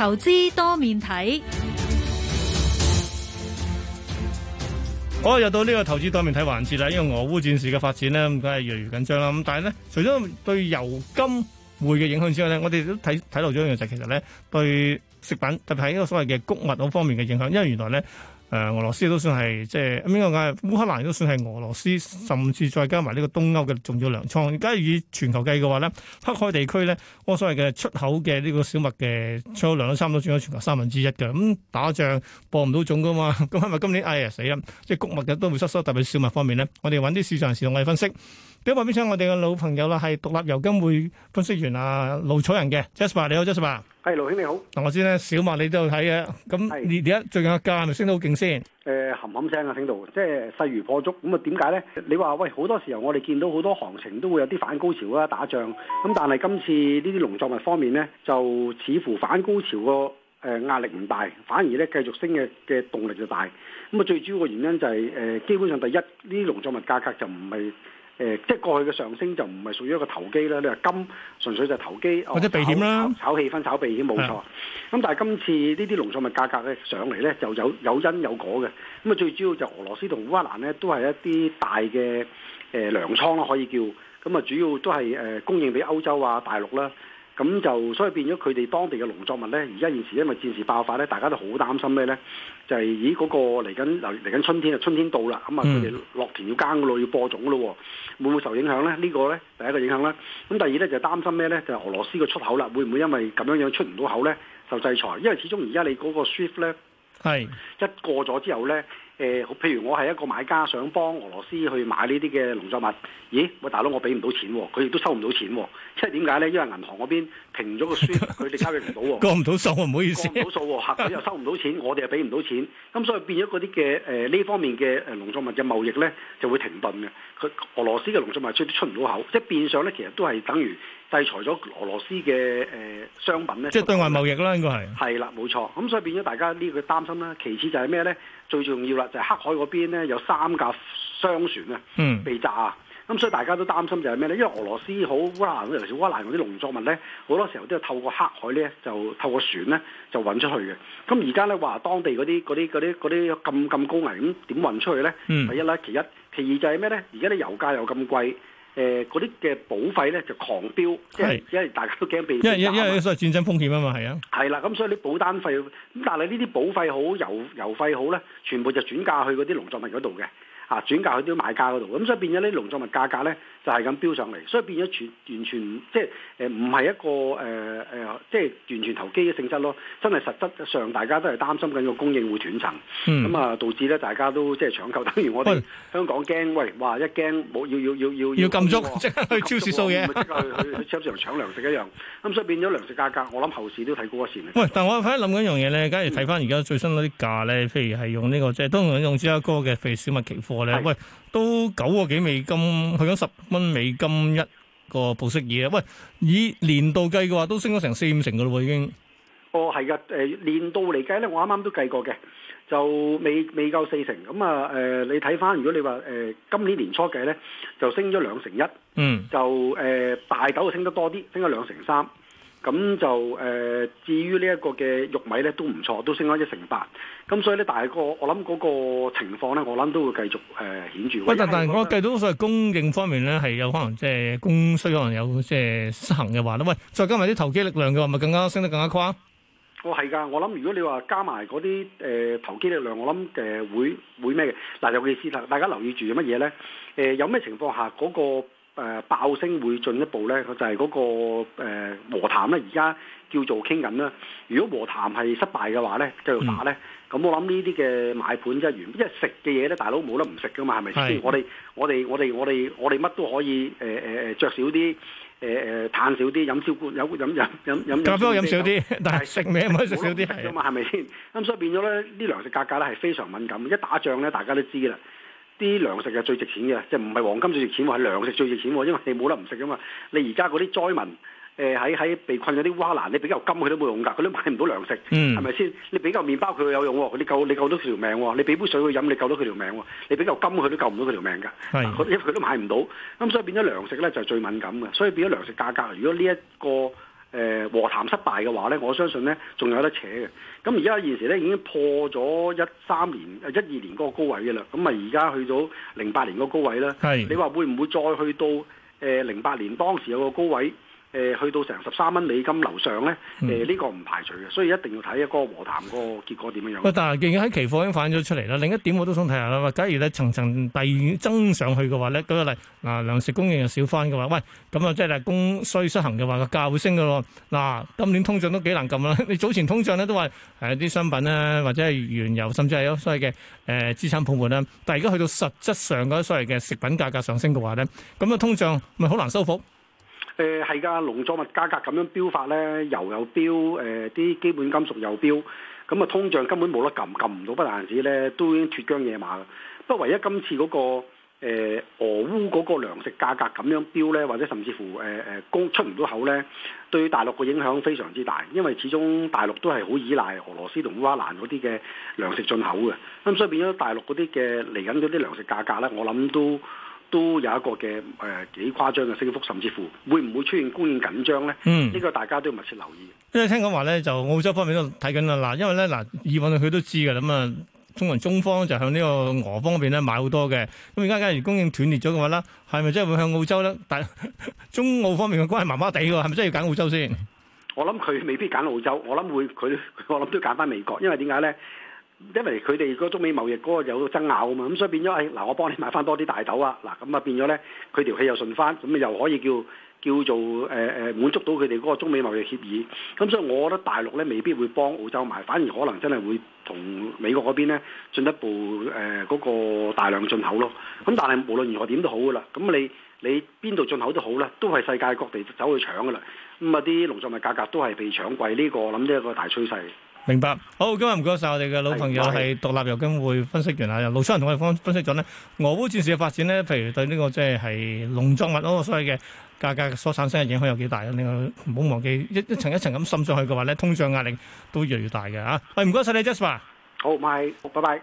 投資多面睇，好、哦、又到呢個投資多面睇環節啦。因為俄烏戰事嘅發展呢，咁梗係越嚟越緊張啦。咁但係呢，除咗對油、金、匯嘅影響之外呢，我哋都睇睇到咗一樣就係，其實呢，對食品，特別係呢個所謂嘅穀物嗰方面嘅影響，因為原來呢。誒、呃，俄羅斯都算係即係呢個烏克蘭都算係俄羅斯，甚至再加埋呢個東歐嘅重要糧倉。而家以全球計嘅話咧，黑海地區咧，我所謂嘅出口嘅呢個小麥嘅出口量都差唔多佔咗全球三分之一嘅。咁、嗯、打仗播唔到種噶嘛，咁係咪今年哎呀死啦？即係谷物嘅都會失收，特別小麥方面咧，我哋揾啲市場時空嘅分析。俾旁邊請我哋嘅老朋友啦，係獨立油金匯分析員啊，盧楚仁嘅。Jasper 你好 Jasper，係盧兄你好。嗱，我知咧，小麥你都睇嘅，咁而點一最近一價係咪升得好勁先？誒、呃，冚冚聲啊，升到，即係勢如破竹。咁啊，點解咧？你話喂，好多時候我哋見到好多行情都會有啲反高潮啦，打仗咁，但係今次呢啲農作物方面咧，就似乎反高潮個誒壓力唔大，反而咧繼續升嘅嘅動力就大。咁啊，最主要嘅原因就係、是、誒、呃，基本上第一呢啲農作物價格就唔係。誒，即係過去嘅上升就唔係屬於一個投機啦。你話金純粹就投機，或者避險啦，炒氣氛、炒已險炒避險冇錯。咁但係今次呢啲農作物價格咧上嚟咧就有有因有果嘅。咁啊，最主要就俄羅斯同烏克蘭咧都係一啲大嘅誒、呃、糧倉咯，可以叫。咁啊，主要都係誒供應俾歐洲啊大陸啦、啊。咁就所以變咗佢哋當地嘅農作物呢。而家現時因為戰事爆發呢，大家都好擔心咩呢？就係、是、咦嗰、那個嚟緊嚟緊春天啊，春天到啦，咁啊佢哋落田要耕咯，要播種咯，會唔會受影響呢？呢、這個呢，第一個影響啦。咁第二呢，就是、擔心咩呢？就係、是、俄羅斯嘅出口啦，會唔會因為咁樣樣出唔到口呢？受制裁，因為始終而家你嗰個 SWIFT 呢，係一過咗之後呢。誒、呃，譬如我係一個買家，想幫俄羅斯去買呢啲嘅農作物，咦？喂，大佬，我俾唔到錢喎，佢亦都收唔到錢喎。即係點解咧？因為銀行嗰邊停咗個輸，佢 哋交易唔到喎。過唔到數喎，唔好意思。過唔到數喎，客又收唔到錢， 我哋又俾唔到錢，咁所以變咗嗰啲嘅誒呢方面嘅誒農作物嘅貿易咧就會停頓嘅。佢俄羅斯嘅農作物出出唔到口，即係變相咧，其實都係等於制裁咗俄羅斯嘅誒、呃、商品咧。即係對外貿易啦，應該係。係啦，冇錯。咁所以變咗大家呢個擔心啦。其次就係咩咧？最重要啦。就係、是、黑海嗰邊咧，有三架商船啊，被炸啊！咁、嗯嗯、所以大家都擔心就係咩咧？因為俄羅斯好烏蘭，尤其是烏蘭啲農作物咧，好多時候都係透過黑海咧，就透過船咧，就運出去嘅。咁而家咧，話當地嗰啲嗰啲嗰啲嗰啲咁咁高危，咁點運出去咧？第一咧，其一，其二就係咩咧？而家啲油價又咁貴。誒，嗰啲嘅保費咧就狂飆，即係因為大家都驚被因為因為所以戰爭風險啊嘛，係啊，係啦，咁所以啲保單費，咁但係呢啲保費好油油費好咧，全部就轉嫁去嗰啲農作物嗰度嘅。啊，轉嫁去啲買家嗰度，咁所以變咗啲農作物價格咧就係、是、咁飆上嚟，所以變咗全完全即係誒唔係一個誒誒、呃，即係完全投機嘅性質咯，真係實質上大家都係擔心緊個供應會斷層，咁、嗯、啊導致咧大家都即係搶購，等於我哋香港驚，喂，哇一驚冇要要要要要禁足，即刻去超市掃嘢，即去超市度搶糧食一樣，咁所以變咗糧食價格，我諗後市都睇高一線了。喂，但我反而諗緊一樣嘢咧，假如睇翻而家最新嗰啲價咧，譬如係用呢、這個即係通常用芝加哥嘅譬如小麥期貨。喂，都九個幾美金，去咗十蚊美金一個布斯爾啊！喂，以年度計嘅話，都升咗成四五成噶咯，已經。哦，係噶，誒、呃、年度嚟計咧，我啱啱都計過嘅，就未未夠四成。咁啊，誒、呃、你睇翻，如果你話誒、呃、今年年初計咧，就升咗兩成一。嗯。就誒、呃、大豆啊，升得多啲，升咗兩成三。咁就誒、呃，至於呢一個嘅玉米咧，都唔錯，都升咗一成八。咁所以咧，大係、那個我諗嗰個情況咧，我諗都會繼續誒、呃、顯著。喂，但但係我計到所謂供應方面咧，係有可能即係供需可能有即係失衡嘅話咧。喂，再加埋啲投機力量嘅話，咪更加升得更加誇？哦，我係㗎，我諗如果你話加埋嗰啲投機力量，我諗誒、呃、會會咩嘅？嗱，但尤其是大家留意住有乜嘢咧？有咩情況下嗰、那個？誒爆升會進一步咧，就係、是、嗰、那個、呃、和談咧，而家叫做傾緊啦。如果和談係失敗嘅話咧，繼續打咧。咁、嗯、我諗呢啲嘅買盤即係原因為食嘅嘢咧，大佬冇得唔食噶嘛，係咪先？我哋我哋我哋我哋我哋乜都可以誒誒誒，著、呃呃、少啲誒誒，嘆少啲，飲少罐，飲飲飲飲飲少啲，但係食咩唔可以食少啲？係嘛，係咪先？咁所以變咗咧，呢啲糧食價格咧係非常敏感，一打仗咧大家都知啦。啲糧食係最值錢嘅，即係唔係黃金最值錢喎，係糧食最值錢喎，因為你冇得唔食噶嘛。你而家嗰啲災民，誒喺喺被困嗰啲烏蘭，你畀嚿金佢都冇用㗎，佢都買唔到糧食，係咪先？你畀嚿麵包佢有用喎，你救你救到佢條命喎，你俾杯水佢飲，你救到佢條命喎，你畀嚿金佢都救唔到佢條命㗎，因為佢都買唔到。咁所以變咗糧食咧就係最敏感嘅，所以變咗糧，糧食價格，如果呢一個。誒、呃、和談失敗嘅話呢，我相信呢仲有得扯嘅。咁而家現時呢已經破咗一三年、一二年嗰個高位嘅啦。咁啊，而家去到零八年嗰個高位啦。係，你話會唔會再去到誒零八年當時有個高位？誒，去到成十三蚊美金樓上咧，誒呢個唔排除嘅，所以一定要睇嗰個和談個結果點樣樣。喂，但係既然喺期貨已經反映咗出嚟啦。另一點我都想睇下啦，話假如咧層層遞增上去嘅話咧，舉個例，嗱糧食供應又少翻嘅話，喂，咁啊即係供需失衡嘅話，個價會升嘅咯。嗱，今年通脹都幾難撳啦。你早前通脹咧都話係啲商品咧，或者係原油，甚至係有所謂嘅誒資產泡沫啦。但係而家去到實質上嗰啲所謂嘅食品價格上升嘅話咧，咁啊通脹咪好難收復？誒係噶，農作物價格咁樣飆法呢，油又飆，誒、呃、啲基本金屬又飆，咁啊通脹根本冇得撳，撳唔到不但止呢，都已經脫韁野馬。不過唯一今次嗰、那個、呃、俄烏嗰個糧食價格咁樣飆呢，或者甚至乎誒誒高出唔到口呢，對大陸嘅影響非常之大，因為始終大陸都係好依賴俄羅斯同烏克蘭嗰啲嘅糧食進口嘅，咁所以變咗大陸嗰啲嘅嚟緊嗰啲糧食價格呢，我諗都。都有一個嘅誒幾誇張嘅升幅，甚至乎會唔會出現供應緊張咧？嗯，呢個大家都要密切留意。因為聽講話咧，就澳洲方面都睇緊啦。嗱，因為咧嗱，以往佢都知㗎啦，咁啊，通常中方就向呢個俄方嗰邊咧買好多嘅。咁而家假如供應斷裂咗嘅話咧，係咪真係會向澳洲咧？但中澳方面嘅關係麻麻地嘅喎，係咪真係要揀澳洲先？我諗佢未必揀澳洲，我諗會佢，我諗都揀返美國，因為點解咧？因為佢哋嗰中美貿易嗰個有爭拗啊嘛，咁所以變咗，哎嗱，我幫你買翻多啲大豆啊，嗱，咁啊變咗咧，佢條氣又順翻，咁又可以叫叫做誒誒、呃、滿足到佢哋嗰個中美貿易協議，咁所以我覺得大陸咧未必會幫澳洲買，反而可能真係會同美國嗰邊咧進一步誒嗰、呃嗰個大量進口咯。咁但係無論如何點都好噶啦，咁你你邊度進口都好啦，都係世界各地走去搶噶啦。咁啊啲農作物價格都係被搶貴，呢、呢個諗呢一個大趨勢。明白，好，今日唔該晒我哋嘅老朋友係獨立油金匯分析員啊，盧楚仁同我哋分分析咗咧俄烏戰事嘅發展咧，譬如對呢個即係係農作物嗰個所謂嘅價格所產生嘅影響有幾大咧？另外唔好忘記一一層一層咁滲上去嘅話咧，通脹壓力都越嚟越大嘅啊！唔該晒你，Jasper，好，唔該，拜拜。